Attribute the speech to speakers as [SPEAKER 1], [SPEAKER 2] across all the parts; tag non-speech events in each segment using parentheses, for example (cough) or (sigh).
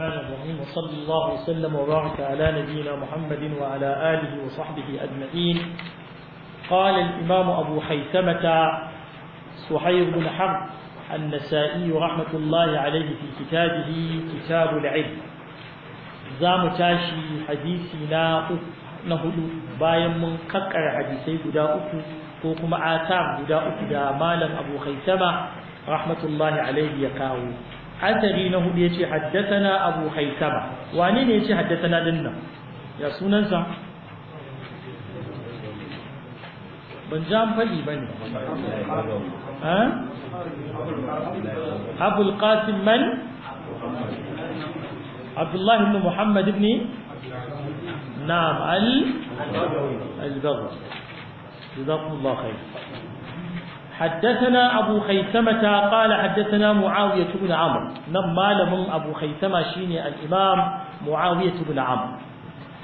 [SPEAKER 1] الرحمن الرحيم وصلى الله وسلم وبارك على نبينا محمد وعلى آله وصحبه أجمعين قال الإمام أبو حيثمة سحير بن حرب النسائي رحمة الله عليه في كتابه كتاب العلم زام تاشي حديثي لا نهدو باين من قكر حديثي قدا وكما آتام قدا أكو مالا أبو حيثمة رحمة الله عليه يكاوه asari na hudu yace haddathana abu haitama wani ne ya ce yace haddathana dinnan ya sunansa
[SPEAKER 2] ban ja an faɗi ba ne abul qasim man
[SPEAKER 1] abdullahi ibn muhammad ibn
[SPEAKER 2] na al al-baghawi
[SPEAKER 1] jazakumullahu khair
[SPEAKER 2] حدثنا
[SPEAKER 1] أبو خيثمة قال حدثنا معاوية بن عمرو نما لمن أبو خيثمة شيني الإمام معاوية بن عمرو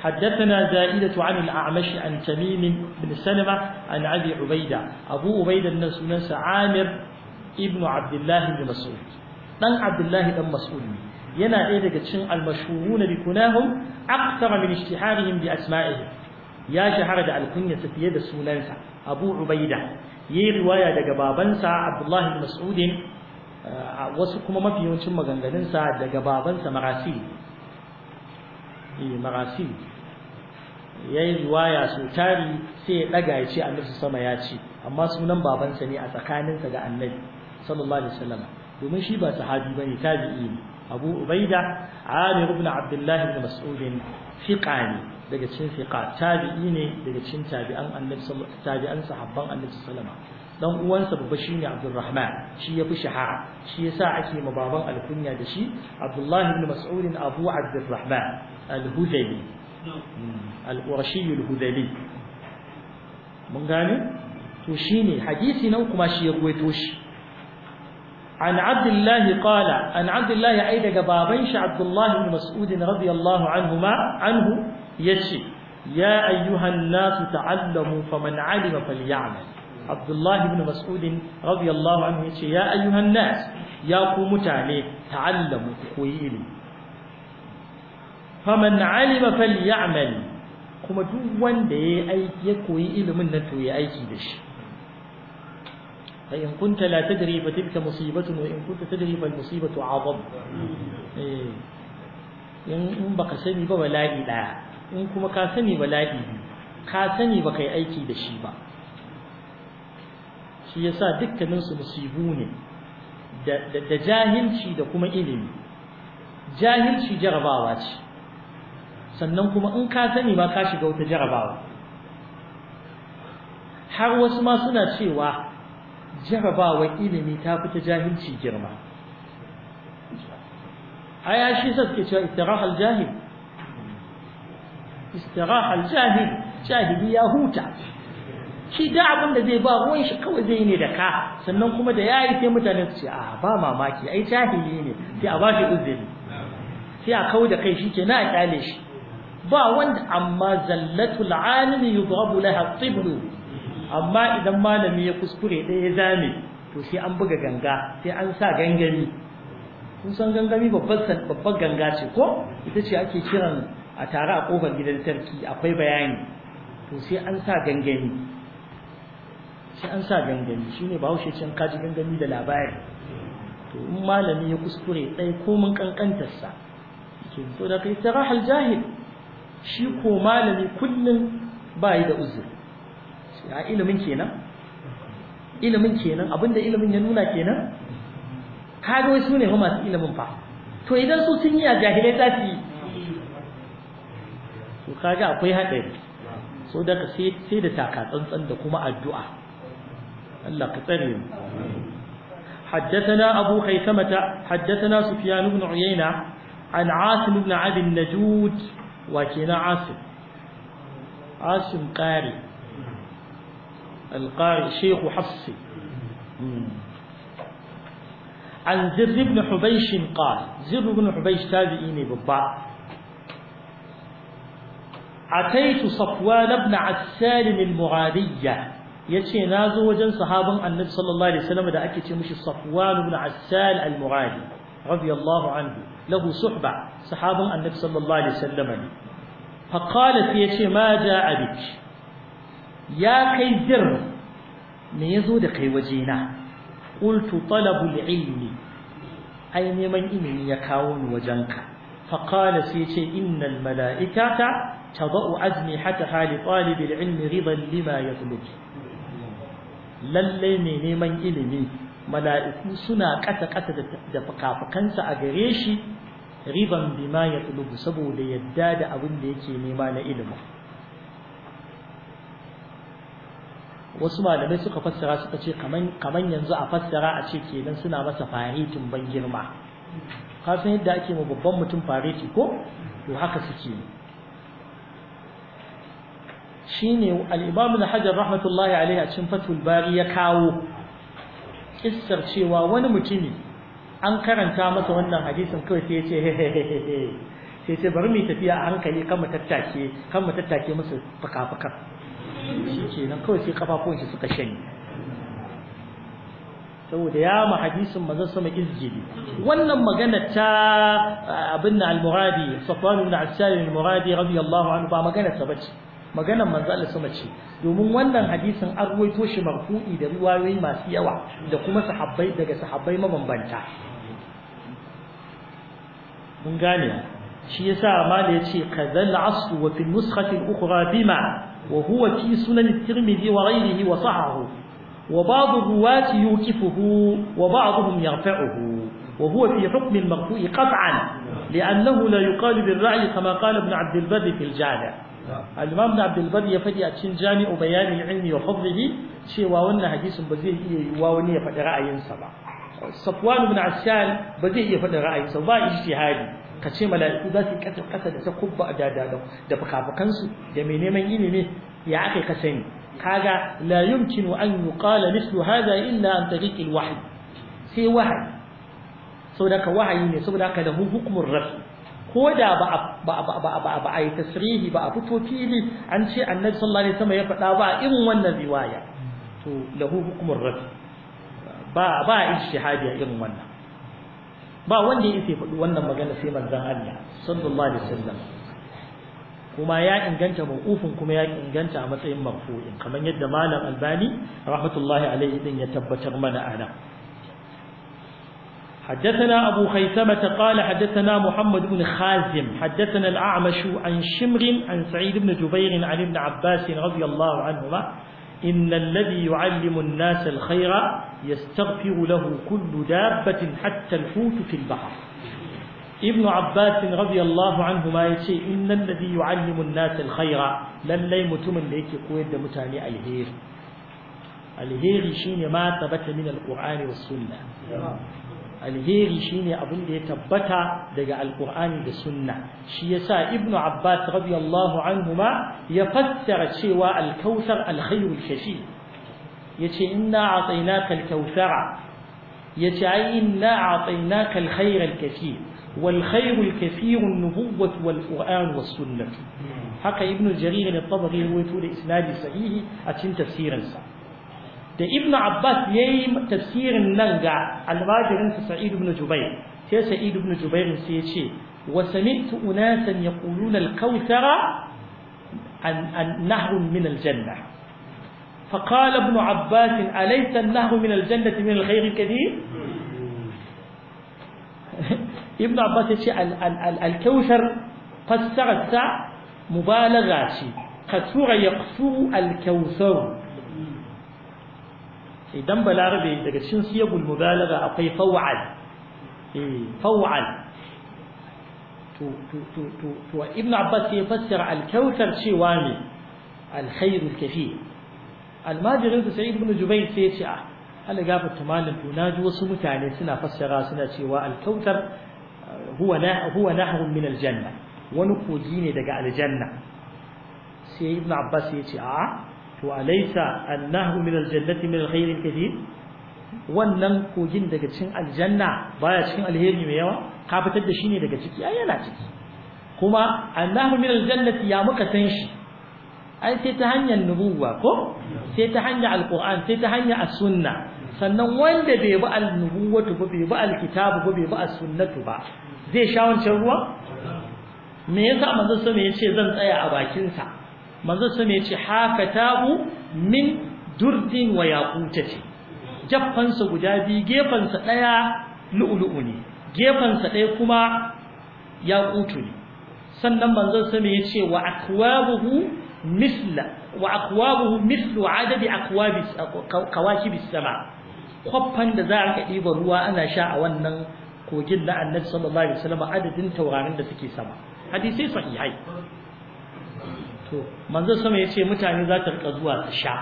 [SPEAKER 1] حدثنا زائدة عن الأعمش عن تميم بن سلمة عن أبي عبيدة أبو عبيدة بن ناس عامر ابن عبد الله بن مسعود من عبد الله بن مسعود ينا ɗaya daga cikin almashhuruna bi kunahum akthar min ishtiharihim bi asma'ihim ya shahara da alkunya fiye da sunansa yi riwaya daga babansa abdullahi mas'udin eh, wasu kuma mafi yawancin maganganunsa daga babansa marasi eh, marasi ya yi riwaya sau tari sai ya ɗaga ya ce annabi sama ya ce amma sunan babansa ne a tsakaninsa da annabi sallallahu alaihi wasallam domin shi ba sahabi bane tabi'i ne abu ubaida amir ibn Abdullahi ibn mas'udin fiqa ne daga cikin fiqa tabi'i ne daga cikin tabi'an annabi tabi'an sahabban annabi sallama dan uwansa babba shine Abdurrahman shi yafi shahara shi yasa ake ma baban alkunya da shi abdullahi ibn Mas'ud Abu Abdurrahman al-Hudali hmm, al-Qurashi al-Hudali mun gane to shine hadisi nan kuma shi ya ruwaito shi عن عبد الله قال عن عبد الله أي دقى بابنش عبد الله بن مسعود رضي الله عنهما عنه yace ya ayyuhan nasu ta'allamu faman alima falyamal Abdullah ibn Mas'ud radiyallahu anhu yace ya ayyuhan nas ya ku mutane ta'allamu ku koyi ilimi faman alima falyamal kuma duk wanda ya aiki ya koyi ilimin nan to ya aiki da shi fa in kunta la tadri fa tilka musibatun wa in kunta tadri fa musibatu azab mm. eh in baka sani ba bala'i daya in kuma ka sani ba bala'i ka sani ba kai aiki da shi ba shi yasa dukkanin su musibu ne da jahilci da kuma ilimi jahilci jarabawa ce sannan kuma in ka sani ba ka shiga wata jarabawa har wasu ma suna cewa jarabawar ilimi ta fi ta jahilci girma a yashi suke cewa itarahal jahil istiraha al jahili ya huta shi da abin da zai ba ruwan shi kawai zai ne da ka sannan kuma da yayi sai mutane su ce a ba mamaki ai jahili ne sai a bashi uzuri sai a kawo da kai shi ke na a kyale shi ba wanda amma zallatul alimi yudrabu laha tibru amma idan malami ya kuskure ɗaya ya zame to sai an buga ganga sai an sa gangami kun san gangami babban babbar ganga ce ko ita ce ake kiran a tare a kofar gidan sarki akwai bayani to sai an sa gangami sai an sa gangami shine bahaushe can kaji gangami da labari to in malami ya kuskure ɗaya ko mun kankantarsa ke to da kai sarahal jahil shi ko malami kullum ba yi da uzuri a ilimin kenan ilimin kenan abinda ilimin ya nuna kenan kaga wai su ne masu ilimin fa to idan su sun yi a jahilai za su yi to kaga akwai haɗari so da ka sai da taka tsantsan da kuma addu'a Allah ka tsare mu
[SPEAKER 2] حدثنا أبو خيثمة حدثنا
[SPEAKER 1] سفيان بن عيينة عن عاصم بن عبد النجود وكنا عاصم عاصم قاري القاري شيخ حفصي عن زر بن حبيش قال زر بن حبيش تابعيني بالبعض أتيت صفوان بن عسال المعادية يتي نازو وجن صحابا النبي صلى الله عليه وسلم دا أكي مش صفوان بن عسال المعادي رضي الله عنه له صحبة صحابا النبي صلى الله عليه وسلم فقالت شي ما جاء بك يا كي زر ميزو دقي وجينا قلت طلب العلم أي من إني يكاون وجنك فقال سيتي إن الملائكة hali أجنحتها لطالب العلم رضا لما يطلب lallai mai neman ilimi mala'iku suna kasa-kasa da fikafikansa a gare shi riban bima ya saboda yadda da abin da yake nema na ilimi wasu malamai suka fassara suka ce kaman yanzu a fassara a ce kenan suna masa faretin ban girma kasan yadda ake ma babban mutum fareti ko to haka suke shine al-Imam Hajar rahmatullahi alaihi a cikin Fathul Bari ya kawo kissar cewa wani mutumi an karanta masa wannan hadisin kawai sai ya ce sai bari mu tafiya a hankali kan mu tattake kan mu tattake musu fuka kawai sai kafafun shi suka shanye saboda ya ma hadisin manzon sama izgili wannan magana ta abin al-Muradi Safwan ibn Asal al-Muradi radiyallahu anhu ba magana ta bace maganar manzo Allah sama ce domin wannan hadisin an ruwaito shi marfu'i da riwayoyi masu yawa da kuma sahabbai daga sahabbai mabambanta mun gane shi yasa mala yace kadhal asu wa fil nuskhati al-ukhra bima wa huwa fi sunan at-tirmidhi wa ghayrihi wa sahahu wa ba'd ruwati yuqifuhu wa ba'dhum yarfa'uhu wa huwa وهو في حكم المرفوع قطعا لأنه لا يقال بالرعي كما قال ابن عبد البر في الجامع al-imam da abdul ya faɗi a cikin jami'u bayanin ilmi wa fadlihi cewa wannan hadisin ba zai iya yiwuwa wani ya faɗi ra'ayinsa ba safwan ibn asyan ba zai iya faɗi ra'ayinsa ba ijtihadi ka ce mala'iku za su kasa kasa da takubba da da da fukafukansu da mai neman ilimi ya aka ka sani kaga la yumkinu an yuqala mislu hadha illa an tariq al-wahyi sai wahayi saboda ka wahayi ne saboda ka da hukumar rafi ko da ba a yi tasirihi ba a fito fili an ce annabi sallallahu alaihi wasallam ya faɗa ba in wannan riwaya to lahu hukumar rafi ba ba ijtihadi a irin wannan ba wanda ya yake faɗi wannan magana sai manzon Allah sallallahu alaihi wasallam kuma ya inganta mawqufin kuma ya inganta a matsayin marfu'in kamar yadda malam albani rahmatullahi alaihi din ya tabbatar mana a nan حدثنا أبو خيثمة قال حدثنا محمد بن خازم حدثنا الأعمش عن شمر عن سعيد بن جبير عن ابن عباس رضي الله عنهما إن الذي يعلم الناس الخير يستغفر له كل دابة حتى الحوت في البحر ابن عباس رضي الله عنهما يشي إن الذي يعلم الناس الخير للي متمن ليك قويد متاني الهير الهير شين ما ثبت من القرآن والسنة alheri shine abin da ya tabbata daga alkur'ani da sunna shi yasa ibnu abbas radiyallahu anhuma ya fassara cewa alkausar alkhairul kashi yace inna atainaka alkausara yace ai inna atainaka alkhairal kashi wal khairul kathirun nubuwwatu wal qur'an was sunnah hmm. haka ibnu jarir al-tabari ya rawaito da isnadi sahihi a cikin tafsirinsa da ibn abbas yayi tafsirin nan ga almajirinsa sa'id ibn jubayr sai sa'id ibn jubayr sai ya ce wa sami'tu unasan yaquluna al-kautsara an nahrun min al-janna fa qala ibn abbas alaysa an-nahru min al-jannati min al-khayr al-kathir ibn abbas ya ce al-kautsar fassararsa mubalaga ce kasura yaqsu al-kautsar idan balarabe daga cikin siyagul mubalagha akwai faw'al eh faw'al to to to to to ibn abbas ya fassara al cewa ne al kafi almajirin sa sa'id ibn jubayr sai ya ce ah Allah gafarta malam to naji wasu mutane suna fassara suna cewa al-kautsar eh, huwa na huwa nahrun min al wani kogi ne daga aljanna sai ibn abbas ya ce a ah, وليس النهو من aljannati min alkhairin الكثير wannan kogin daga cikin aljanna baya cikin alheri mai yawa ka fitar da shi ne daga ciki ai yana ciki kuma annahu min aljannati ya muka san shi ai sai ta hanyar nubuwa ko sai ta hanyar alquran sai ta hanyar as-sunna sannan wanda bai bi al-nubuwatu ba bai bi al-kitabu ba bai bi as-sunnatu ba zai sha wancan ruwa me yasa manzo sai ya ce zan tsaya a bakin sa manzo sun ya ce hafatahu min durdin wa yaqutati jaffansa guda biyu gefansa daya lu'lu'u ne gefansa daya kuma yakutu ne sannan manzo sun ya ce wa akwabuhu misla wa akwabuhu mislu adadi sama kwaffan da za a kaɗi ba ruwa ana sha a wannan kogin na annabi sallallahu alaihi wasallam adadin taurarin da suke sama hadisi sahihai to manzo sama ce mutane za ta rika zuwa ta sha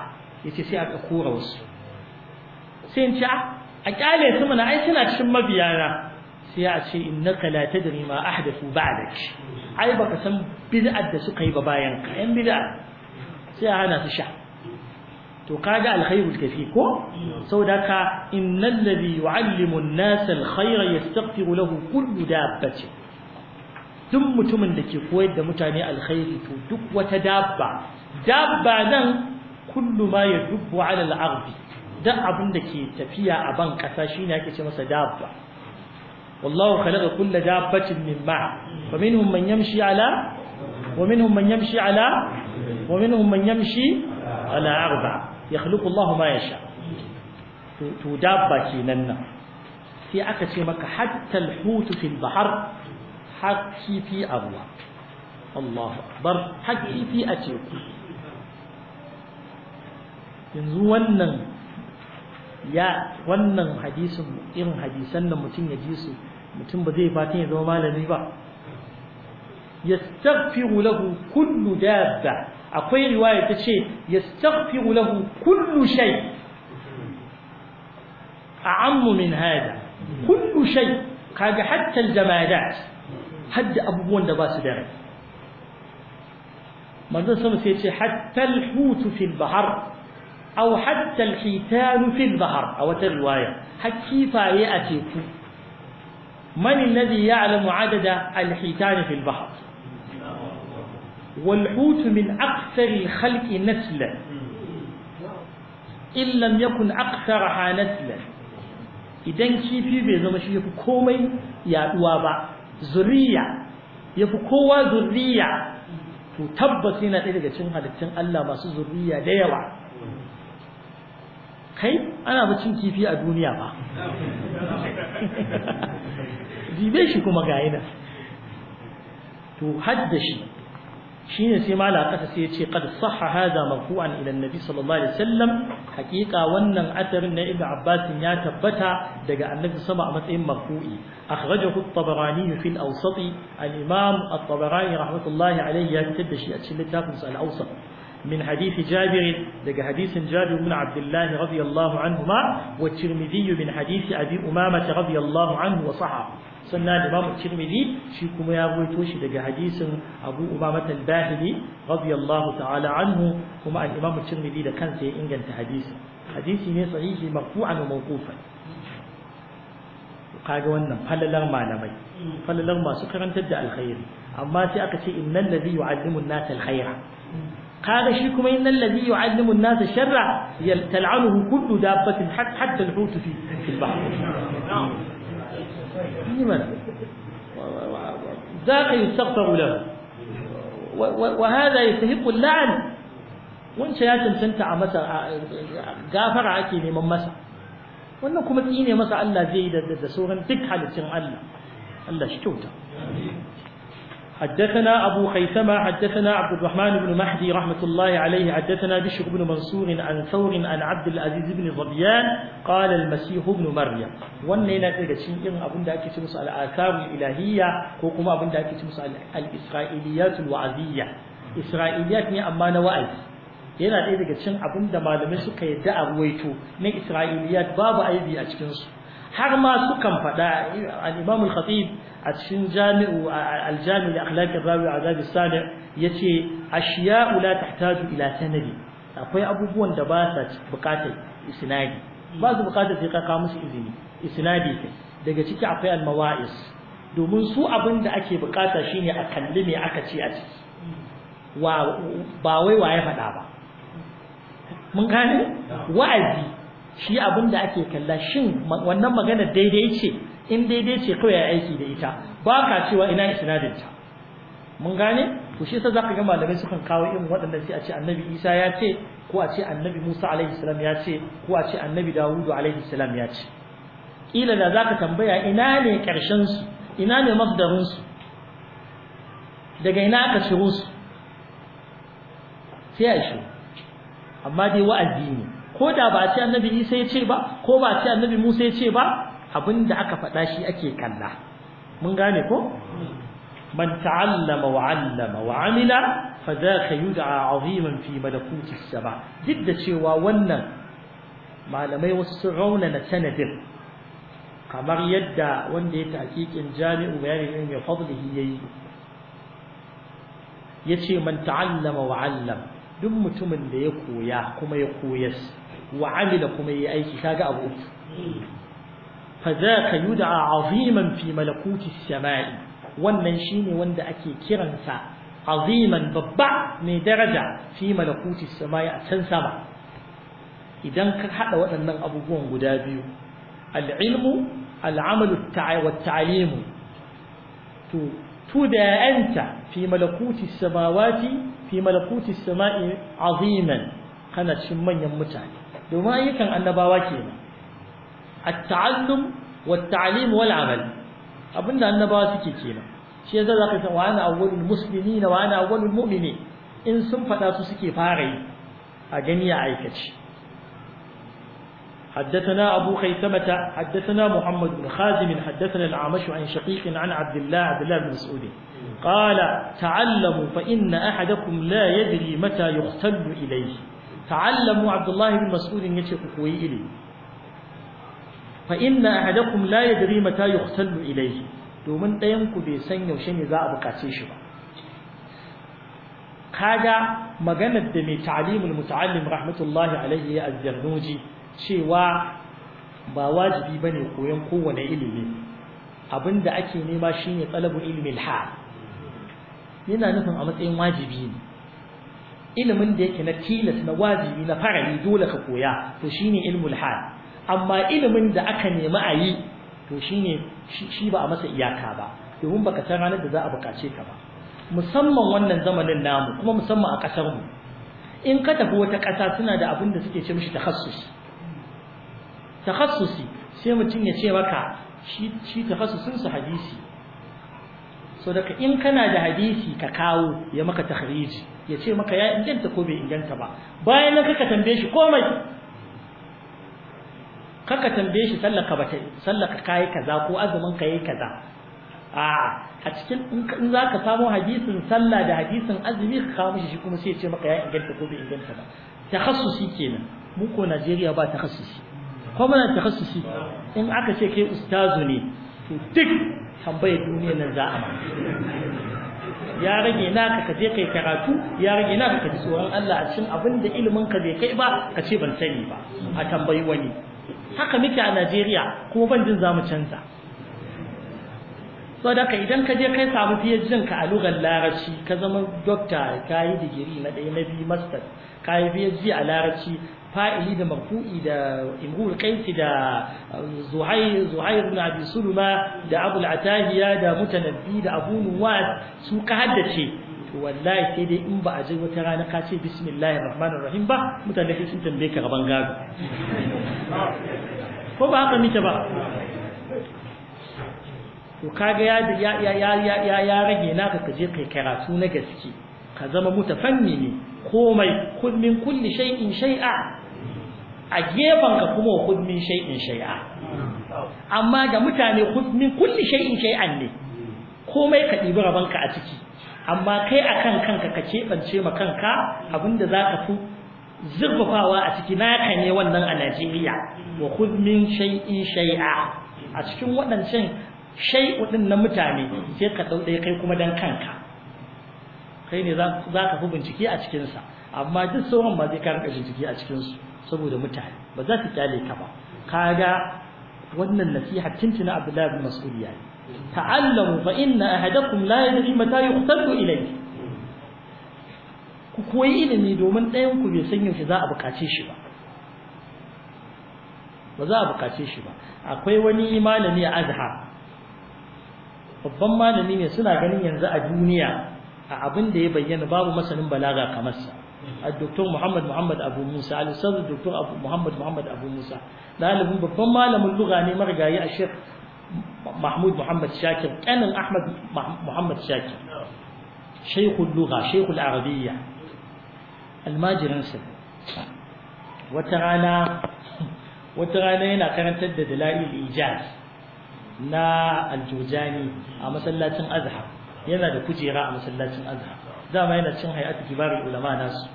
[SPEAKER 1] ce sai aka kora wasu sai in ci ah, a kyale su mana ai suna cikin mabiyana sai a ce naka la tadri ma ahdathu ba'dak ai baka san bid'ar da suka yi ba bayan ka yan bid'a sai a hana su sha to kaga alkhairu kafi ko saboda ka innal ladhi yu'allimu an-nasa al-khayra yastaghfiru lahu kullu dabbatin duk mutumin da ke koyar da mutane alkhairi to duk wata dabba dabba nan kullu ma yadubbu ala al-ardi duk abin da ke tafiya a ban kasa shine ake ce masa dabba wallahu khalaqa kulla dabbatin min ma fa minhum man yamshi ala wa minhum man yamshi ala wa minhum man yamshi ala arba yakhluqu Allah ma yasha to dabba kenan nan sai aka ce maka hatta al-hut fil bahr har kifi a ruwa Allahu har kifi a teku yanzu wannan ya wannan hadisin irin hadisan da mutum ya ji su mutum ba zai fatan ya zama malami ba yastaghfiru lahu kullu dabba akwai riwaya ta ce yastaghfiru lahu kullu shay a'ammu min hada kullu shay kaga hatta al-jamadat har da abubuwan da ba su da rai manzon sama sai ce hatta al-hutu fil bahar aw hatta al-hitanu fil bahar a wata riwaya har kifaye a teku man alladhi ya'lamu adada al-hitan fil bahar والحوت من أكثر الخلق نسلا إن لم يكن أكثرها نسلا idan kifi bai zama shi yafi komai yaduwa ba zuriya yafi kowa zuriya to tabbas yana ɗaya daga cikin halittun Allah masu zuriya da yawa kai ana cin kifi a duniya ba
[SPEAKER 2] (laughs) jibe
[SPEAKER 1] shi kuma ga yana to hadda shi ne sai mala kasa sai ce qad sahha hadha marfu'an ila annabi sallallahu alaihi wasallam haqiqa wannan atarin na ibnu abbas ya tabbata daga annabi sama a matsayin marfu'i akhrajahu at-tabarani fi al-awsat al-imam at-tabarani rahmatullahi alaihi ya fitar da shi a cikin littafin sa al-awsat من حديث جابر دق حديث جابر بن عبد الله رضي الله عنهما والترمذي من حديث أبي أمامة رضي الله wa وصحى sannan Imam Tirmidhi shi kuma ya rawaito shi daga hadisin Abu Umamah al-Bahili radiyallahu ta'ala anhu kuma al-Imam Tirmidhi da kansa ya inganta hadisi. hadisi ne sahihi marfu'an wa mawqufan kaga wannan falalar malamai falalar masu karantar da alkhairi amma sai aka ce innal ladhi yu'allimu an-nasa alkhaira kaga shi kuma innal ladhi yu'allimu an-nasa sharra yal'anuhu kullu dabbatin hatta al-hut fi al-bahr
[SPEAKER 2] إيه
[SPEAKER 1] ذاق يستغفر له وهذا يستحق اللعن وان شيات سنتع مسا غافر عكي لمن مسا وان كما تيني الله زيد الدسورن تك حالة سن الله الله شتوته حدثنا أبو خيثمة حدثنا عبد الرحمن بن مهدي رحمة الله عليه حدثنا بشر بن منصور عن ثور عن عبد العزيز بن ظبيان قال المسيح ابن مريم wannan yana daga cikin irin abin da ake ce musu al'akarul ilahiyya ko kuma abin da ake ce al wa'aziyya isra'iliyat ne amma na wa'azi yana ɗaya daga cikin abin da malamai suka yadda a ruwaito na isra'iliyat babu aibi a cikin su har ma sukan faɗa al-imamul khatib a cikin jami'u aljami da akhlaqin rawi a zabi sani ya ce ashiya'u la tahtaju ila sanadi akwai abubuwan da ba sa bukatar isnadi ba su bukatar sai ka kawo musu izini isnadi daga ciki akwai almawa'is domin su abin da ake bukata shine a kalli me aka ce a ciki wa ba wai waye faɗa ba mun gane wa'azi shi abin da ake kalla shin wannan magana daidai ce in daidai ce kawai ya aiki da ita ba ka cewa ina isnadin ta mun gane to shi za zaka ga malamai sukan kawo irin waɗannan sai a ce annabi Isa ya ce ko a ce annabi Musa alaihi salam ya ce ko a ce annabi Dawud alaihi salam ya ce kila da zaka tambaya ina ne karshen su ina ne masdarin su daga ina aka shigo su sai a shi amma dai wa'azi ne ko da ba a ce annabi Isa ya ce ba ko ba a ce annabi Musa ya ce ba abin da aka faɗa shi ake kalla mun gane ko man ta'allama wa 'allama wa 'amila fa dhaka yud'a 'aziman fi malakuti as-sama duk da cewa wannan malamai wasu sun raunana sanadin kamar yadda wanda ya tahqiqin jami'u bayanin ilmi fadlihi yayi yace man ta'allama wa 'allama duk mutumin da ya koya kuma ya koyas wa amila kuma ya aiki kaga abu uku ka yud'a 'aziman fi malakuti as-sama'i wannan shine wanda ake kiransa 'aziman babba mai daraja fi samai a can sama idan ka haɗa waɗannan abubuwan guda biyu al-ilmu al-'amalu at-ta'limu to tudanta fi samai 'aziman kana cin manyan mutane domin ayyukan annabawa ke kenan at-ta'allum wat-ta'lim wal-amal abinda annabawa suke kenan shi yasa zaka ce wa ana awwalul muslimina wa ana awwalul mu'minin in sun faɗa su suke fara yi a gani ya aikace حدثنا أبو خيثمة حدثنا محمد بن خازم حدثنا العامش عن شقيق عن عبد الله عبد الله بن مسعود قال تعلموا فإن أحدكم لا يدري متى يختل إليه تعلموا عبد الله بن مسعود يشق إليه fa inna ahadakum la yadri mata yuhsalu ilayhi domin ɗayan ku bai san yaushe ne za a bukace shi ba kaga maganar da mai ta'limul muta'allim rahmatullahi alaihi ya azjarnuji cewa ba wajibi bane koyon kowane ilimi abinda ake nema shine talabul ilmi al yana nufin a matsayin wajibi ne ilimin da yake na tilas na wajibi na farali dole ka koya to shine ilmul hal amma ilimin da aka nemi a yi to shine shi ba a masa iyaka ba domin baka san ranar da za a bukace ka ba musamman wannan zamanin namu kuma musamman a kasar mu in ka tafi wata ƙasa suna da abin da suke ce mishi takhassusi takhassusi sai mutum ya ce maka shi shi takhassusin su hadisi so daga in kana da hadisi ka kawo ya maka tahriji ya ce maka ya inganta ko bai inganta ba bayan ka ka tambaye shi komai kaka tambaye shi sallaka bata sallaka kai kaza ko azumin kai kaza a a cikin in za ka samo hadisin sallah da hadisin azumi ka kawo mishi shi kuma sai ya ce maka ya inganta ko bai inganta ba takhassusi kenan mu ko Najeriya ba takhassusi ko muna takhassusi in aka ce kai ustazu ne to duk tambayar duniyar nan za a ma ya rage naka ka je kai karatu ya rage naka ka ji tsoron Allah a cikin abin da ilimin ka bai kai ba ka ce ban sani ba a tambayi wani haka muke a Najeriya kuma ban jin zamu canza So ka idan ka je kai samu PhD ka a lugar larabci ka zama doctor ka yi digiri na ɗaya na biyu master ka yi PhD a larabci fa'ili da marfu'i da imrul qaisi da zuhai um, zuhai ibn abi sulma da abul atahiya da mutanabbi da abu su ka haddace to wallahi sai dai in ba a je wata rana ka ce bismillahir rahmanir rahim ba mutane sai sun tambaye ka gaban gado
[SPEAKER 2] ko ba haka muke ba
[SPEAKER 1] to kaga ya ya ya ya ya rage naka ka je kai karatu na gaske ka zama mutafanni komai kun min kulli shay'in shay'a a gefen ka kuma kun min shay'in shay'a amma ga mutane kun min kulli shay'in shay'an ne komai ka ɗibi rabanka a ciki amma kai akan kanka ka keɓance ma kanka abinda za ka fi zurfafawa a ciki naka ne wannan a Najeriya wa khudh min shay'in a cikin waɗancan shay'u din na mutane sai ka dau kai kuma dan kanka kai ne za ka fi bincike a cikinsa. amma duk sauran ba zai ka rinka bincike a cikin su saboda mutane ba za su kyale ka ba kaga wannan nasiha abu Abdullahi bin Mas'ud yayi ta'allamu fa inna ahadakum la yadri mata yuqtadu ilayhi ku koyi ilimi domin ɗayan ku bai san yaushe za a bukace shi ba ba za a bukace shi ba akwai wani malami a azhar babban malami ne suna ganin yanzu a duniya a abin da ya bayyana babu masanin balaga kamar sa A محمد محمد أبو موسى الأستاذ الدكتور أبو محمد محمد أبو موسى ɗalibin babban malamin lugha ne marigayi a shek mahmud muhammad shakir kanin ahmad muhammad shakir shaykhul lugha shaykhul arabiyya almajiransa wata rana wata rana yana karantar da dalail ijaz na aljujani a masallacin azhar yana da kujera a masallacin azhar dama yana cin hay'atu kibarul ulama nasu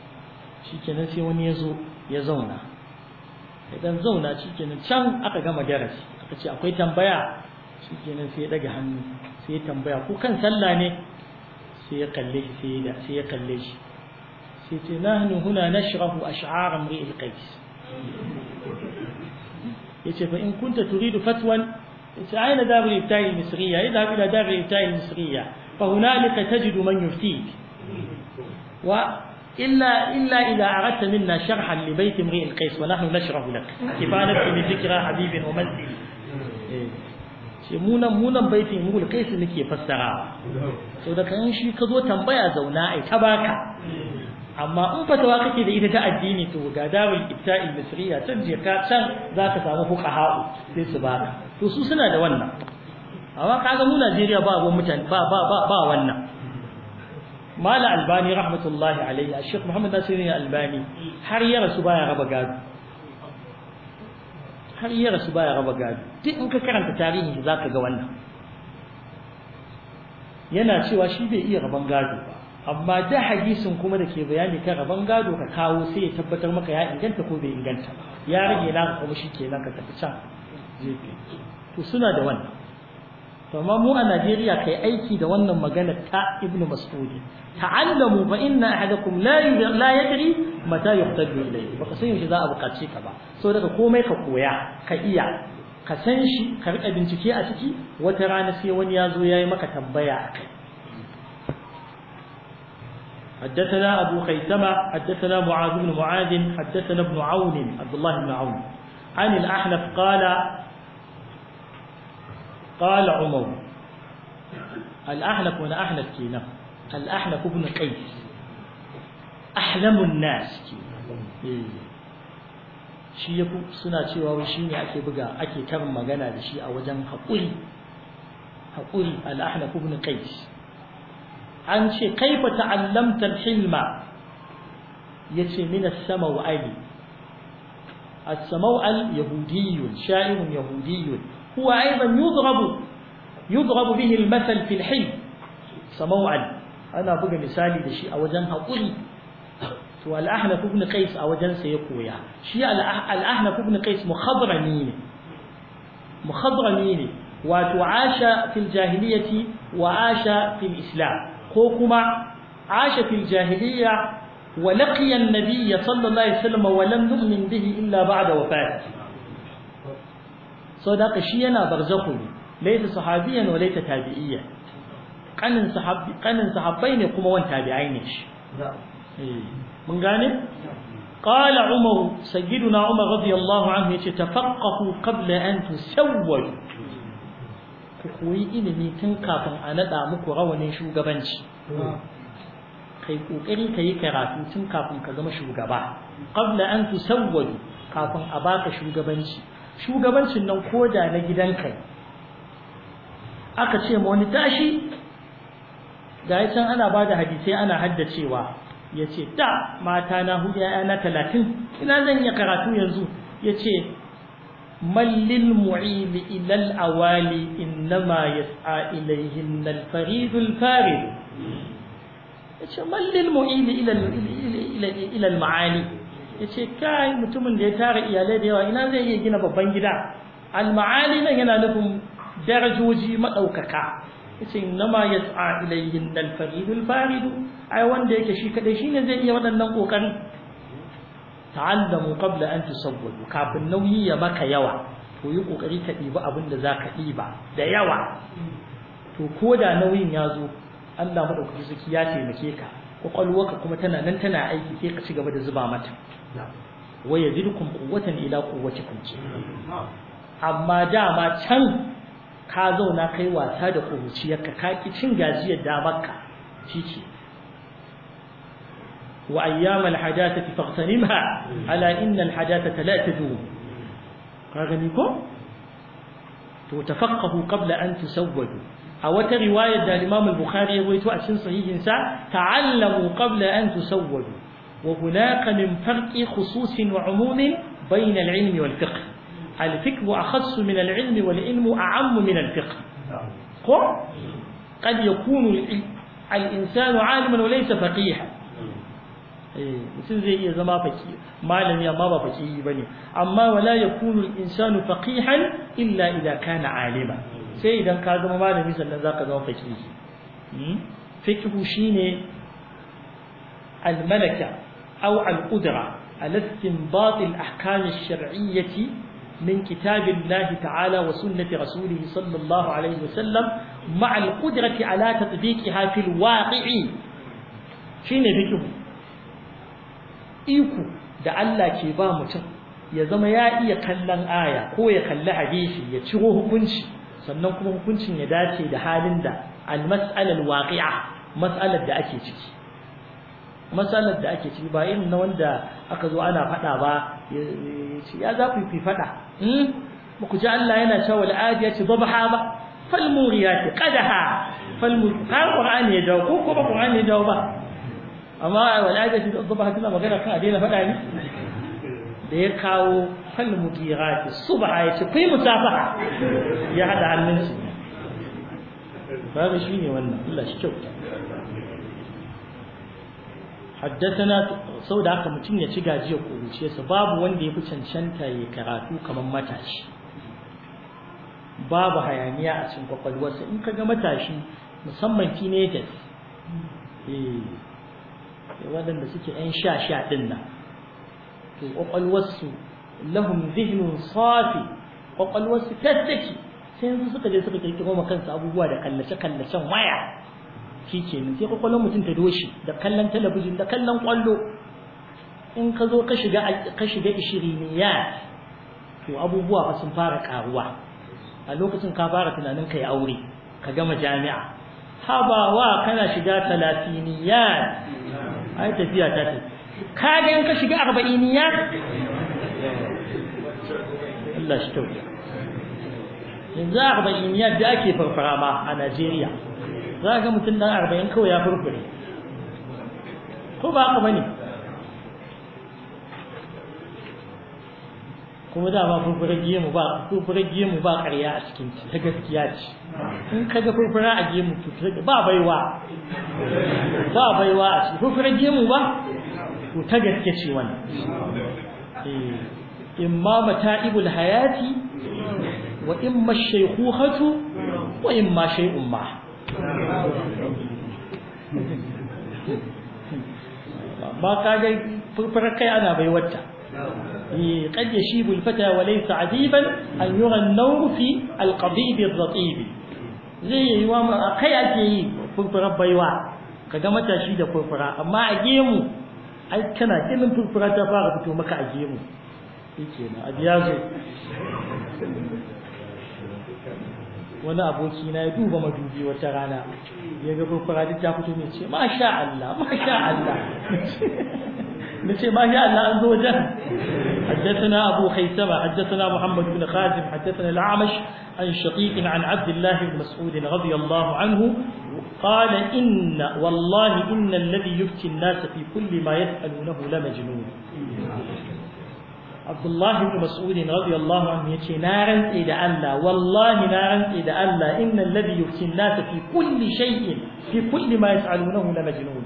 [SPEAKER 1] shikenan sai wani yazo ya zauna idan zauna shikenan can aka gama darasi aka ce akwai tambaya shi kenan sai ya daga hannu sai ya tambaya ko kan sallah ne sai ya kalle shi sai ya sai ya kalle shi sai ce nahnu huna nashrahu ash'ar amri al-qais yace fa in kunta turidu fatwan yace aina darul ibtai misriya ida bila darul ibtai misriya fa hunalika tajidu man yuftik wa إلا إلا إذا أردت منا شرحا لبيت امرئ القيس ونحن نشرح لك كفالة بذكرى حبيب ومزي ce munan munan baitin mul kai nake fassarawa so da kan shi ka zo tambaya zauna ai ta baka amma in fatawa kake da ita ta addini to ga dawul ibta'il misriya can je ka can ka samu fuqaha sai su baka to su suna da wannan amma kaga mu Najeriya ba abun mutane ba ba ba ba wannan
[SPEAKER 2] mala albani
[SPEAKER 1] rahmatullahi alaihi sheikh muhammad nasir albani har ya rasu baya raba gado har ya rasu baya raba gado duk in ka karanta tarihin za zaka ga wannan yana cewa shi bai iya raban gado ba amma da hadisin kuma da ke bayani kan raban gado ka kawo sai ya tabbatar maka ya inganta ko bai inganta ya rage naka kuma shi kenan ka tafi can to suna da wannan to amma mu a Najeriya kai aiki da wannan magana ta Ibn Mas'ud ta'allamu fa inna ahadakum la la yadri mata yuhtaju ilayhi baka san yaushe za a bukace ka ba so daga komai ka koya ka iya ka san shi ka riƙa bincike a ciki wata rana sai wani ya zo ya yi maka tambaya akai حدثنا أبو خيثمة حدثنا معاذ بن معاذ حدثنا ابن عون عبد الله بن عون عن الأحنف قال قال عمر الأحنف ولا أحنف كينا الأحنف ابن قيس أحلم الناس كينا shi ya fi suna cewa wai shi ne ake buga ake karin magana da shi a wajen haƙuri haƙuri al'ahnaf ibn kai. an ce kaifa ta'allamta al-hilma yace min as A as-samaw'al yahudiyyun sha'irun Yahudiyun. هو أيضا يضرب يضرب به المثل في الحلم سموعا أنا بقى مثالي او أوجن هقولي تو الأحنف بن قيس أوجن سيقويا يعني. شيء الأحنف بن قيس مخضرمين مخضرمين وعاش في الجاهلية وعاش في الإسلام خوكما عاش في الجاهلية ولقي النبي صلى الله عليه وسلم ولم نؤمن به إلا بعد وفاته Sau da ka shi yana barzakhu ne laysa sahabiyan wa laysa tabi'iyyan kanin sahabbi kanin sahabbai ne kuma wan tabi'ai ne shi eh, mun gane Umar, قال عمر سيدنا عمر رضي الله عنه يتفقهوا قبل ku koyi ilimi tun kafin a دامك muku rawanin shugabanci. kai kokari ka yi karatu tun kafin ka zama shugaba qabla an tusawwadu kafin a baka shugabanci shugabancin nan koda na gidanka aka ce ma wani tashi da ya can ana ba da hadisai ana haddacewa ya ce da mata na hudu ya na talatin ina zan iya karatu yanzu ya ce mallil mu'ili ilal awali innama sa ilaihin nal faridul farid ya ce mallil mu'ili ilal ma'ani Yace ce kai mutumin da ya tara iyalai da yawa ina zai iya gina babban gida al-ma'ali nan yana nufin darajoji maɗaukaka Yace ce na ma ya tsa ilayhin dalfaridul faridu ai wanda yake shi kaɗai shine zai iya waɗannan ƙoƙarin ta'allamu qabla an tusawwadu kafin nauyi ya maka yawa to yi ƙoƙari ka ɗiba abin da za ka ɗiba da yawa to ko da nauyin ya zo Allah maɗaukaki ya taimake ka kwakwalwarka kuma tana nan tana aiki sai ka ci gaba da zuba mata wa yazidukum quwwatan ila quwwatikum amma dama can ka zauna kai wasa da kuruciyarka ka ki cin gajiyar damarka shike wa ayyamal hadathati faghtanimha ala innal hadathata la tadum ka gani ko to tafaqahu qabla an tusawwadu a wata riwayar da Imam bukhari ya rawaito a cikin sahihinsa ta'allamu qabla an tusawwadu وهناك من فرق خصوص وعموم بين العلم والفقه الفقه أخص من العلم والعلم أعم من الفقه قد يكون الإنسان عالما وليس فقيها إيه، سنزي إيه، ما لم يما بكي بني أما ولا يكون الإنسان فقيها إلا إذا كان عالما سيدا كذا ما لم يسأل ذاك ذا فقه إيه؟ فقه شيني الملكة أو القدرة على استنباط الأحكام الشرعية من كتاب الله تعالى وسنة رسوله صلى الله عليه وسلم مع القدرة على تطبيقها في الواقع شين ذكره إيكو da Allah ke ba mutum ya zama ya iya kallon aya ko ya kalli hadisi ya ciro hukunci sannan kuma hukuncin ya dace da halin da al-mas'alal waqi'a mas'alar da ake ciki matsalar da ake ciki ba irin na wanda aka zo ana faɗa ba ya za ku fi faɗa hmm? ba ku ji Allah yana cewa al'adiyati dhabaha ba fal muriyati qadaha fal har qur'ani ya dawo ko ko ba qur'ani ya dawo ba amma al'adiyati dhabaha tana magana kan adina faɗa ne da ya kawo fal su ba ya ce kai musafaha ya hada hannun shi ba shi ne wannan Allah shi kyauta sau da haka mutum ya ci gajiyar kuruciyarsa babu wanda ya fi cancanta ya karatu kamar matashi babu hayaniya a cikin kwakwalwarsa in ka ga matashi musamman teenagers eh waɗanda suke 'yan sha sha ɗin nan to kwakwalwarsu lahum zihnun safi kwakwalwarsu tattaki sai yanzu suka je suka kirkiro ma kansu abubuwa da kallace kallacen waya shi kenan sai kwakwalwar mutum ta doshi da kallon talabijin da kallon kwallo in ka zo ka shiga ka shiga ishiriniyat to abubuwa ba sun fara karuwa a lokacin ka fara tunanin ka yi aure ka gama jami'a habawa kana shiga talatiniyat ai tafiya ta ce. ka ga in ka shiga arba'iniyat Allah shi tauke yanzu arba'iniyat da ake farfara ma a Najeriya za ga mutum ɗan arba'in kawai ya furfure ko ba haka ba ne kuma da ba furfurar gemu ba furfurar gemu ba ƙarya a cikin ta ta gaskiya ce in ka ga furfura a gemu to ba baiwa ba baiwa a cikin furfurar gemu ba to ta gaske ce wani.
[SPEAKER 2] Eh, in ma mata'ibul hayati wa in
[SPEAKER 1] ma shaykhuhatu wa in ma shay'un ma ba ka ga furfurar kai ana bai wata قد يشيب الفتى وليس عذيبا أن يرى النور في القضيب الرطيب زي يوام أخي أكي فرفرة بيوا كما تشيد فرفرة أما أجيمو أي كان كلم فرفرة تفاغ بتو مكا أجيمو يكينا أجيازو wani aboki na ya duba madubi wata rana ya ga kurkura duk ta fito mai ce masha Allah masha Allah نسي ما شاء الله عز وجل حدثنا أبو خيثمة حدثنا محمد بن خازم حدثنا الأعمش عن شقيق عن عبد الله بن مسعود رضي الله عنه قال إن والله إن الذي يفتي الناس في كل ما يسألونه لمجنون Abdullahi ibn Mas'ud radiyallahu anhu yace na rantse da Allah wallahi na rantse da Allah innal ladhi yuftin nas fi kulli shay'in fi kulli ma yas'alunahu la majnun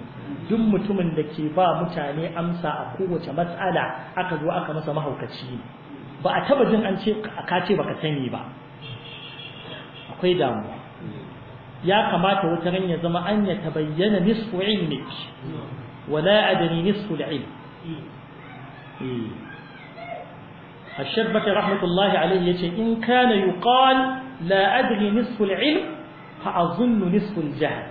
[SPEAKER 1] duk mutumin da ke ba mutane amsa a kowace matsala aka zo aka masa mahaukaci ba a taba jin an ce ka ce baka sani ba akwai damuwa ya kamata wata ran ya zama an ya tabayyana nisfu ilmik wala adani nisfu al الشبكة رحمة الله عليه يتي إن كان يقال لا أدري نصف العلم فأظن نصف الجهل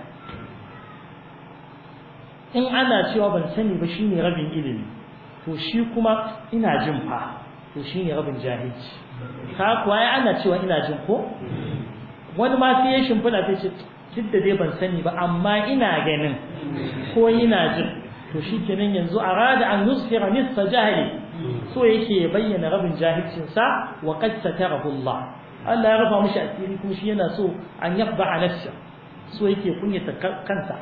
[SPEAKER 1] in ana cewa ban sani ba shine rabin ilimi to shi kuma ina jin fa to shine rabin
[SPEAKER 2] kuwa ya ana cewa ina
[SPEAKER 1] jin wani ma sai ya shimfiɗa sai ce duk da dai ban sani ba amma ina ganin ko ina jin to shi kenan yanzu arada an yusfira nisfa jahili so yake ya bayyana rabin jahilcin sa wa qad satarahu Allah Allah ya rufa mishi asiri kuma shi yana so an yabba a so yake kunyata kansa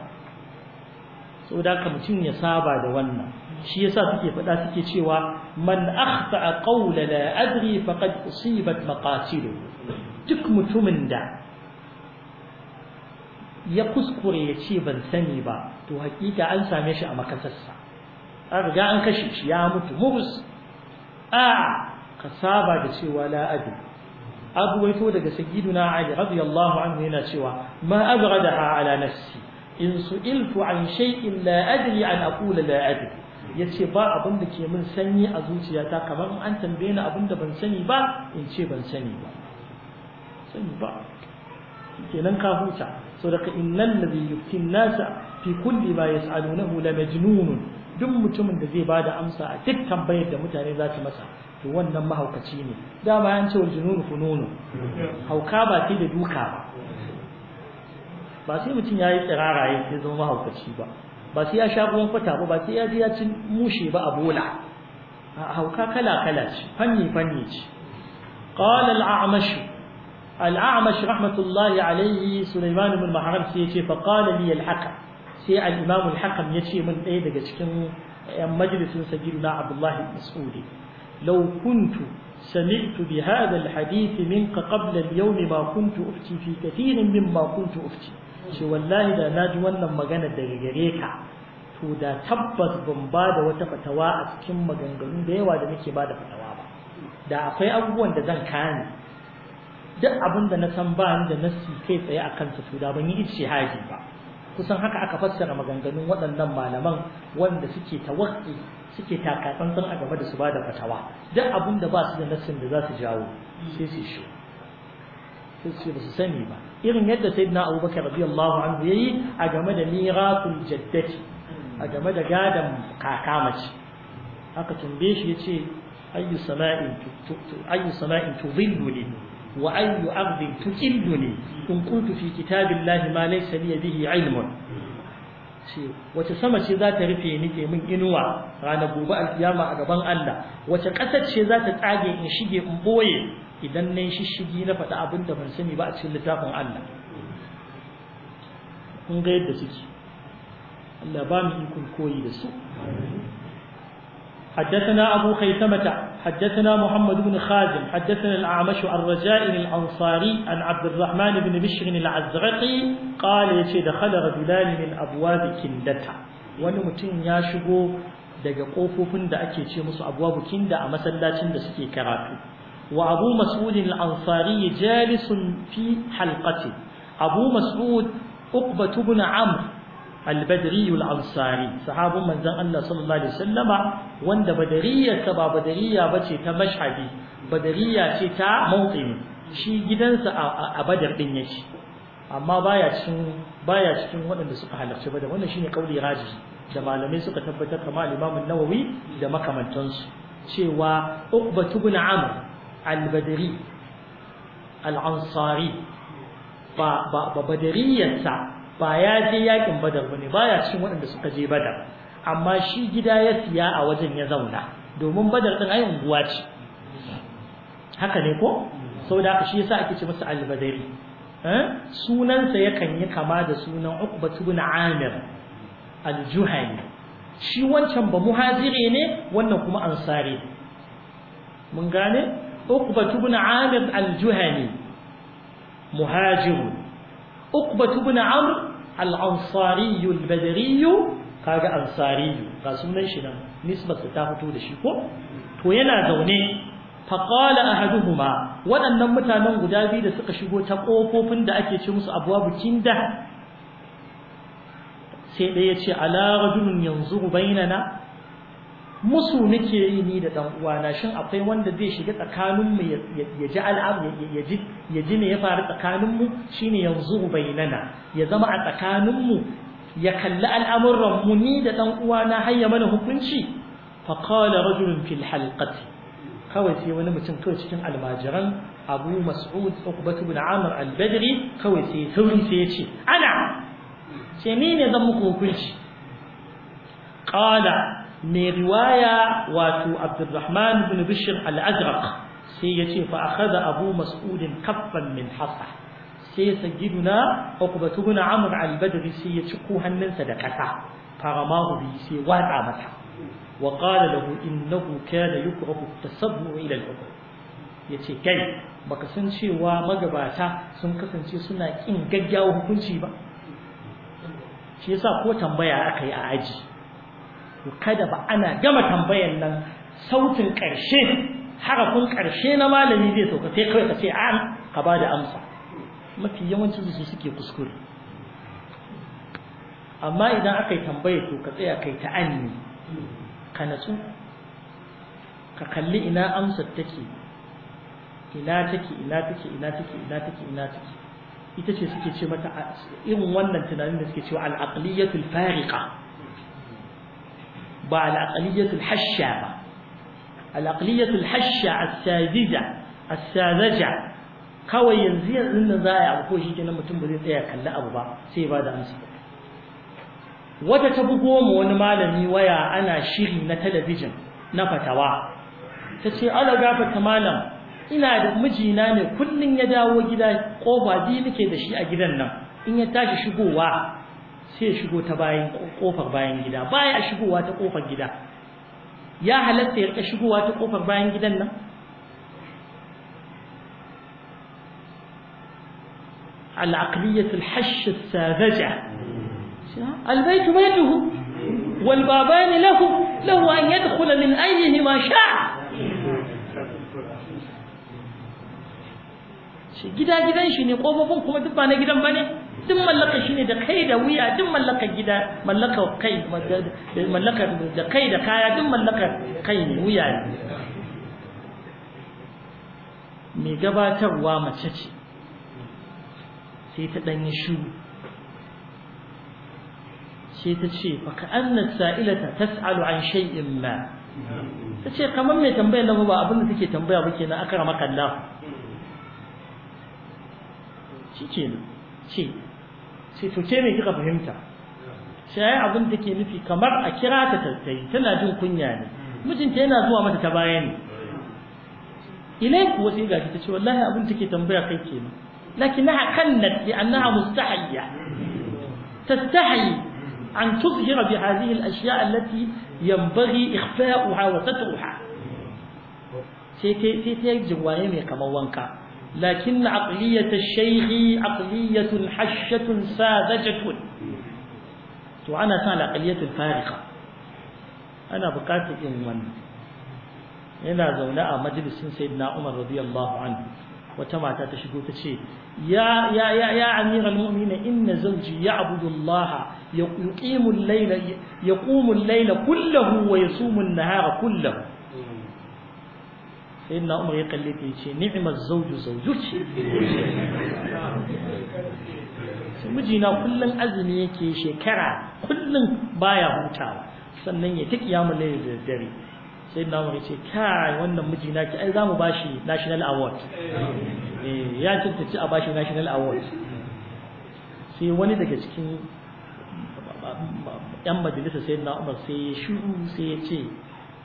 [SPEAKER 1] saboda haka mutum ya saba da wannan shi yasa suke faɗa suke cewa man akhta qawla la adri faqad usibat maqatilu duk mutumin da ya kuskure ya ce ban sani ba to hakika an same shi a makasarsa an riga an kashe shi ya mutu mubus a ka saba da cewa la adu abuwaito daga sayyiduna ali radiyallahu anhu yana cewa ma da ala nafsi in su'iltu an shay'in la adri an aqula la adri yace ba abin da ke min sanyi a zuciyata kamar an tambaye ni abin da ban sani ba in ce ban sani ba sani ba kenan ka huta saboda innal ladhi yuftin nasa fi kulli ma yas'alunahu la majnunun duk mutumin da zai bada amsa a duk tambayar da mutane za su masa to wannan mahaukaci ne dama yan cewa jununu fununu hauka ba sai da duka ba ba sai mutum ya yi tsirara ya zama mahaukaci ba ba sai ya sha ruwan kwata ba ba sai ya ji ya ci mushe ba a bola hauka kala kala ce fanni fanni ce qala al-a'mash al-a'mash rahmatullahi alayhi sulaiman ibn mahram sai ya ce fa qala sai alimamul imam hakam ya ce min ɗaya daga cikin yan majalisin sajiduna abdullahi mas'udi law kuntu سمعت بهذا الحديث منك قبل اليوم ما كنت أفتي في كثير مما كنت أفتي شي والله دا ناجي wannan magana daga gare ka to da tabbas ban ba da wata fatawa a cikin maganganun da yawa da nake ba da fatawa ba da akwai abubuwan da zan kani duk abin da na san ba da nassi kai tsaye a kansa to da ban yi ijtihadi ba kusan haka aka fassara maganganun waɗannan malaman wanda suke tawaki suke takatsantsan a game da su bada fatawa duk abin da ba su da nassin da za su jawo sai su shi sai su ba su sani ba irin yadda sai na sayyidina abubakar radiyallahu anhu yi a game da miratul jaddati a game da gadan kaka mace aka tumbe shi yace ayyu sama'in tu ayyu sama'in lillahi wa ayyu ardin tuqilluni in kuntu fi kitabillahi ma laysa li bihi ilmun ce wace sama ce za ta rufe ni ke min inuwa ranar gobe alkiyama a gaban Allah wace ƙasar ce za ta tsage in shige in boye idan na yi shishigi na faɗa abin da ban sani ba a cikin littafin Allah kun ga yadda suke Allah ba mu ikon koyi da su حدثنا أبو خيثمة حدثنا محمد بن خازم حدثنا الأعمش عن رجاء الأنصاري عن عبد الرحمن بن بشر العزرقي قال يشي دخل رجلان من أبواب كندتا ونمتن ياشبو daga kofofin da ake ce musu abuwa kinda a masallacin da suke karatu wa abu mas'udin al-ansari jalisun fi halqati abu mas'ud uqbatu ibn amr albadriyul ansari sahabun manzon Allah sallallahu Wanda wasallama ba badariya ba ce ta mashhadi badariya ce ta mawqin shi gidansa a badar ɗin ya yake amma baya cikin waɗanda suka halarci da wannan shine kauli rajihi da malamai suka tabbatar kama al-imam nawawi da makamantansu cewa ubatu ibn amr al-badri al-ansari ba ba ba ya je yakin badar ba ne ba ya cikin waɗanda suka je badar amma shi gida ya siya a wajen ya zauna domin badar ɗin ai unguwa ce haka ne ko sau da shi yasa ake ce masa albadari eh? sunansa yakan yi kama da sunan uqbatu bin amir al shi wancan ba muhajire ne wannan kuma ansari mun gane uqbatu bin amir al-juhani muhajiru uqbatu bin amr al-ansari al kaga ansariyu ga sunan shi nan nisbatu ta fito da shi ko to yana zaune faƙala a haduhuma waɗannan mutanen guda biyu da suka shigo ta ƙofofin da ake ce musu abuwa da sai ɗaya ce ala rajulun yanzu bainana musu nake yi ni da dan uwana shin akwai wanda zai shiga tsakaninmu ya ji al'am ya ji ne ya faru tsakaninmu? mu shine yanzu bainana ya zama a tsakanin mu ya kalli al'amuranmu, mu ni da ɗan uwana har ya mana hukunci fa qala rajulun fil halqati kawai sai wani mutum kawai cikin almajiran Abu Mas'ud Uqbah ibn Amr al-Badri kawai sai sauri sai ya ce ana sai ni ne zan muku hukunci qala mai riwaya wato Abdurrahman bin Bishir al-Azraq sai ya ce fa akhadha Abu mas'udin kaffan min hasa sai sayyiduna Uqbah bin Amr al sai ya ci hannunsa da kasa faramahu bi sai watsa mata wa qala lahu innahu kana ta at wa ila al ya ce kai baka san cewa magabata sun kasance suna ƙin gaggawa hukunci ba shi yasa ko tambaya aka yi a aji to kada ba ana gama tambayan nan sautin ƙarshe harafin ƙarshe na malami zai sauka sai kawai ka ce an ka ba da amsa mafi yawancin su suke kuskure amma idan aka yi tambaya to ka tsaya kai ta'anni ka natsu ka kalli ina amsar take ina take ina take ina take ina take ina take ita ce suke ce mata irin wannan tunanin da suke cewa al-aqliyatul fariqa ba al-aqliyatu al-hashsha ba al-aqliyatu al-hashsha sadaja kawai yanzu yanzu nan za a yi abu ko shi kenan mutum ba zai tsaya kalli abu ba sai ba da amsa wata ta bugo ma wani malami waya ana shiri na talabijin na fatawa ta ce ala gafata malam ina da mijina ne kullum ya dawo gida ƙofa biyu nake da shi a gidan nan in ya tashi shigowa sai shigo ta bayan kofar bayan gida baya shigowa ta kofar gida ya halatta ya shigowa ta kofar bayan gidan nan al al al aqliyat hash العقلية الحش الساذجة البيت بيته lahu له له أن يدخل من أيهما شاء gida gidan shi ne kofofin kuma duk ba na gidan bane duk mallaka shi ne da kai da wuya duk mallaka gida mallaka kai mallaka da kai da kaya duk mallaka kai wuya mai gabatarwa mace ce sai ta yi shiru sai ta ce fa ka annas sa'ilata tas'alu an shay'in ma ta ce kamar mai tambayar na ba abin da take tambaya ba kenan akara makalla shi kenan ce sai mai kika fahimta sai abin da ke nufi kamar a kira ta tattai tana jin kunya ne mijinta yana zuwa mata ta baya ne ilai kuwa sai gashi ta ce wallahi abin take tambaya kai ke kenan lakinnaha kannat bi annaha mustahiyya tastahi an tuzhira bi hadhihi al-ashya' allati yanbaghi ikhfa'uha wa satruha sai sai sai jiwaye mai kamar wanka لكن عقلية الشيخ عقلية حشة ساذجة وأنا سأل عقلية الفارقة أنا بقات إنوان إلى زولاء مجلس سيدنا عمر رضي الله عنه وتما تشكو تشي يا يا يا يا أمير المؤمنين إن زوجي يعبد الله يقيم الليل يقوم الليل كله ويصوم النهار كله sai umar ya kalle ta ce ni'imar zauju zauju ce sai mijina kullum azumi yake shekara kullum baya hutawa sannan ya ta kiyamu laye da dare sai na umar ya ce kai wannan mijina ki ai zamu bashi national award eh ya cancanci a bashi national award sai wani daga cikin yan majalisa sai na umar sai ya shuru sai ya ce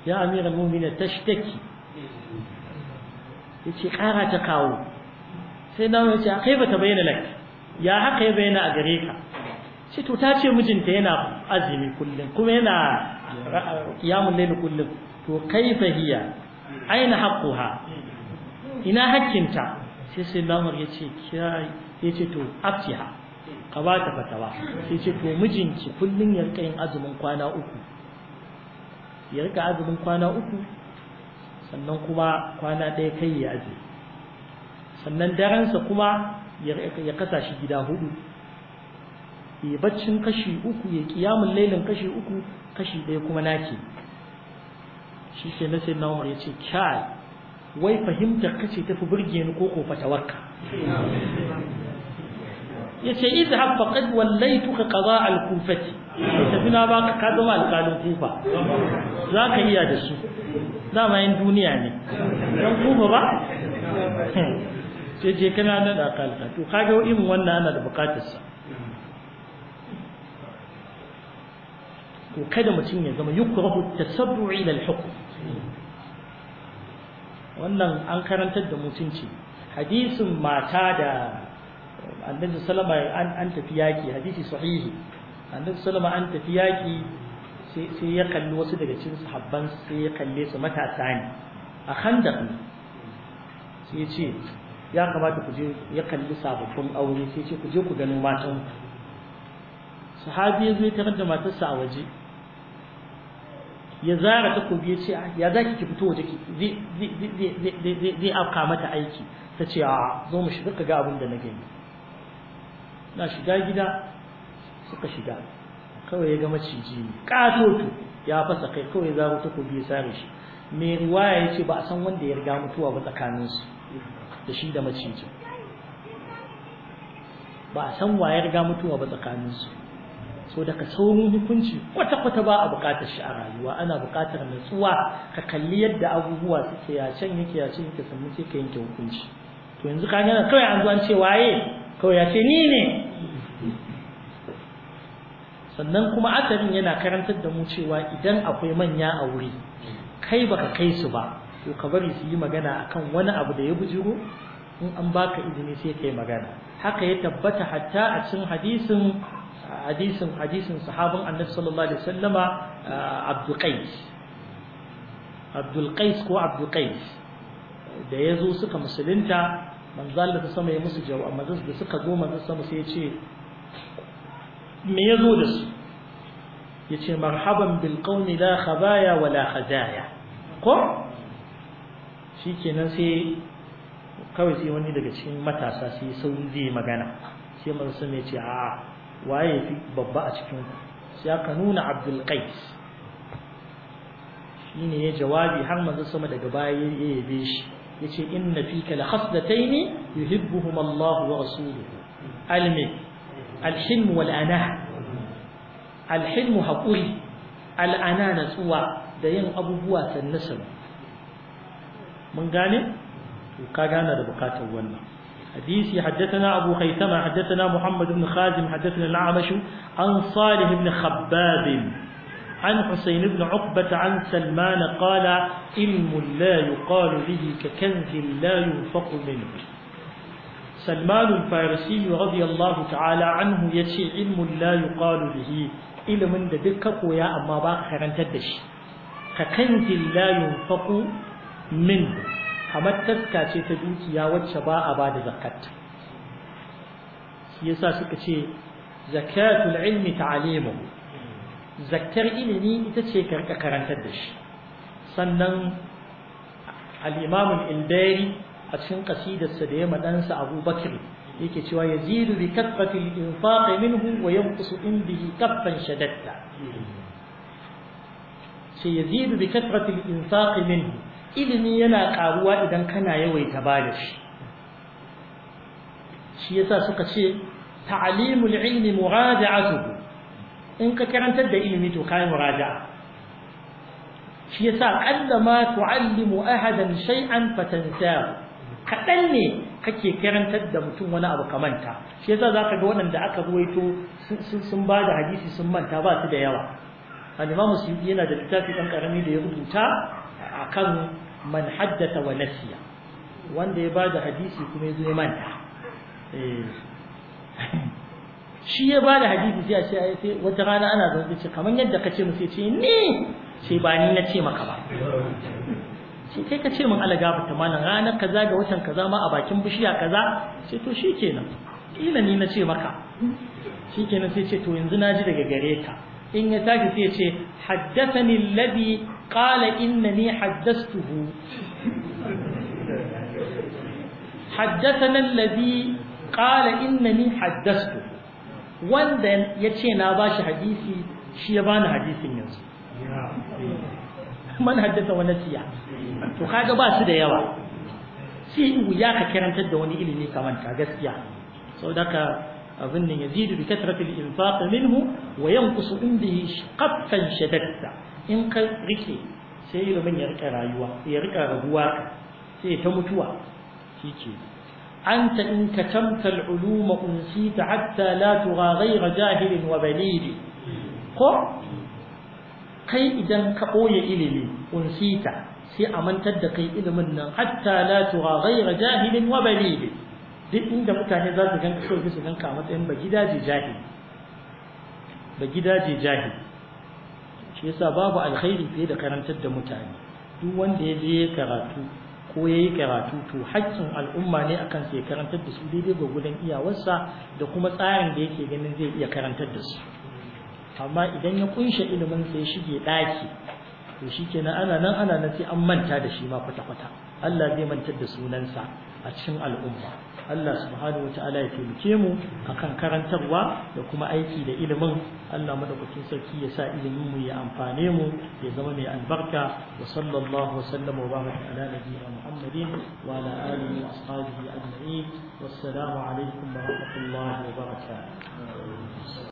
[SPEAKER 1] ya amiral mu'mina tashtaki
[SPEAKER 2] ya ce ƙara ta kawo
[SPEAKER 1] sai na ya ce a kai ba ta bayyana lak ya haka ya bayyana a gare ka ce to ta ce mijinta yana azumi kullum kuma yana mulle ni kullum to kai fahiya aina haƙƙuha
[SPEAKER 2] ina haƙƙinta
[SPEAKER 1] sai sai lamar ya ce ya ce to ha ka ba ta fatawa sai ce to mijinki kullum ya rika yin azumin kwana uku ya rika azumin kwana uku sannan kuma kwana ɗaya kai ya ajiye. sannan daransa kuma ya kasa shi gida hudu baccin kashi uku ya kiyamun lailin kashi uku kashi ɗaya kuma nake shi sai na sai nawar ya ce kyai wai fahimtar kace tafi burge ni ko ko fatawarka
[SPEAKER 2] ya ce idhab faqad wallaytuka
[SPEAKER 1] ƙaza al-kufati tafi na ba ka zama alƙalin kufa za ka iya da su dama yin duniya ne don kufa ba
[SPEAKER 2] (laughs)
[SPEAKER 1] sai je kana nan da kalka to irin wannan ana da bukatarsa to kada mutum ya zama yukrahu tasaddu ila hukm wannan an karantar da mutunci hadisin mata da annabi sallama an tafi yaki hadisi sahihi annabi sallama an tafi yaƙi sai ya kalli wasu daga cikin sahabban sai ya kalle su matasa ne a khandaq ne sai ya ce ya kamata ku je ya kalli sababbin aure sai ya ce ku je ku gano matan sahabi ya zai tarar da matarsa a waje ya zara takobi ya ce ah, ya za ki fito waje ki zai afka mata aiki ta ce a ah, zo mu shiga ka ga abin da na gani na shiga gida suka shiga kawai ya ga maciji ne katoto ya fasa kai kawai za mu tuku biyu sare shi mai ruwa ya ce ba a san wanda ya riga mutuwa ba tsakaninsu da shi da macijin ba a san wa ya riga mutuwa ba tsakaninsu so daga saurin hukunci kwata-kwata ba a bukatar shi a rayuwa ana bukatar natsuwa ka kalli yadda abubuwa suke yacen yake yacen yake sannan sai ka yanke hukunci to yanzu ka gana kawai an zuwa an ce waye kawai ya ce ni ne sannan kuma asarin yana karantar da mu cewa idan akwai manya a wuri kai baka kai su ba to ka bari su yi magana akan wani abu da ya bujiro in an baka izini sai kai magana haka ya tabbata hatta a cikin hadisin hadisin hadisin sahabin annabi sallallahu alaihi wasallama uh, abdul qais abdul qais ko abdul qais da yazo suka musulunta manzo Allah ta sama ya musu jawab manzo da suka zo manzo sama sai ya ce me ya zo da su ya ce marhaban bilkauni la khabaya wala khazaya ko shi kenan sai kawai sai wani daga cikin matasa sai sauri zai magana sai marasa mai ce a waye fi babba a cikin ku sai aka nuna abdulkais Shi ne ya jawabi har manzo sama daga baya ya yabe shi yace inna fika la khaslatayn yuhibbuhuma Allah wa rasuluhu almi الحلم والأناه الحلم هقولي الأنا سوى دين أبو بوا سنسل من قال هذا ربقات أولنا حديثي حدثنا أبو خيثمة حدثنا محمد بن خازم حدثنا الأعمش عن صالح بن خباب عن حسين بن عقبة عن سلمان قال علم لا يقال به ككنز لا ينفق منه سلمان الفارسي رضي الله تعالى عنه يتي علم لا يقال به إلى من دكك ويا أما باق خيران تدش ككنز لا ينفق منه كما تذكى تدوك يا وتشباء بعد زكاة يسا سكتي زكاة العلم تعليمه zakkar ilimi ita ce karka karantar da shi sannan al'imamun indari a cikin kasidarsa da ya madansa Abu Bakr yake cewa yazidu bi kaffati al-infaq minhu wa yanqusu indihi kaffan shadatta sai yazidu bi kaffati al-infaq minhu ilimi yana karuwa idan kana yawaita bada shi shi yasa suka ce ta'limul ilmi muraja'atuhu in ka karantar da ilimi to kai muraja'a shi yasa qalla ma tu'allimu ahadan shay'an fatansahu kaɗan ne kake karantar da mutum wani abu ka manta shi yasa za ka ga waɗanda aka ruwaito sun ba da hadisi sun manta ba su da yawa al'imam musulmi yana da littafi ɗan ƙarami da ya rubuta a kan man haddata wa nasiya wanda ya ba da hadisi kuma ya zo ya manta eh. (laughs) shi ya ba da hadisi sai a ce yi sai wata rana ana zance kamar yadda ka ce mu sai ce ni sai ba ni na ce maka ba sai kai ka ce min ala gafarta malam ranar kaza ga watan kaza ma a bakin bishiya kaza sai to shikenan kila ni na ce maka shikenan sai ce to yanzu na ji daga gare ka in ya tashi sai ce haddathani alladhi qala innani haddathtuhu haddathana alladhi qala innani haddathtuhu wanda ya ce na bashi hadisi shi ya bani hadisin yanzu man haddasa wani siya
[SPEAKER 2] to kaga da yawa
[SPEAKER 1] shi wuya ka karantar da wani ilimi ka manta gaskiya sau da ka abin nan yazidu bi katratil infaq minhu wa yanqusu indihi shaqqan shadadda in ka rike sai ilimin ya rike rayuwa ya rabuwa sai ta mutuwa shike anta in ka tamta al'uluma unsita hatta la tugha ghayra jahilin wa ko kai idan ka ɓoye ilimi unsita sai a mantar da kai ilimin nan hatta la tuwa ghayra jahilin wa balid duk inda mutane za su ganka so su ganka a matsayin ba gidaje jahil ba gidaje jahil shi yasa babu alkhairi fiye da karantar da mutane duk wanda ya je karatu ko ya yi karatu to haƙƙin al'umma ne akan sai karantar da su daidai ga gudan iyawarsa da kuma tsarin da yake ganin zai iya karantar da su amma idan ya kunshe ilimin sai shige daki to shikenan ana nan ana nan sai an manta da shi ma kwata kwata Allah zai mantar da sunansa a cikin al'umma Allah subhanahu wataala ya taimake mu akan karantarwa da kuma aiki da ilimin Allah madaukakin sarki ya sa ilimin mu ya amfane mu ya zama mai albarka wa sallallahu sallama wa baraka ala nabiyyina Muhammadin wa ala alihi wa ashabihi ajma'in wassalamu alaikum wa rahmatullahi wa barakatuh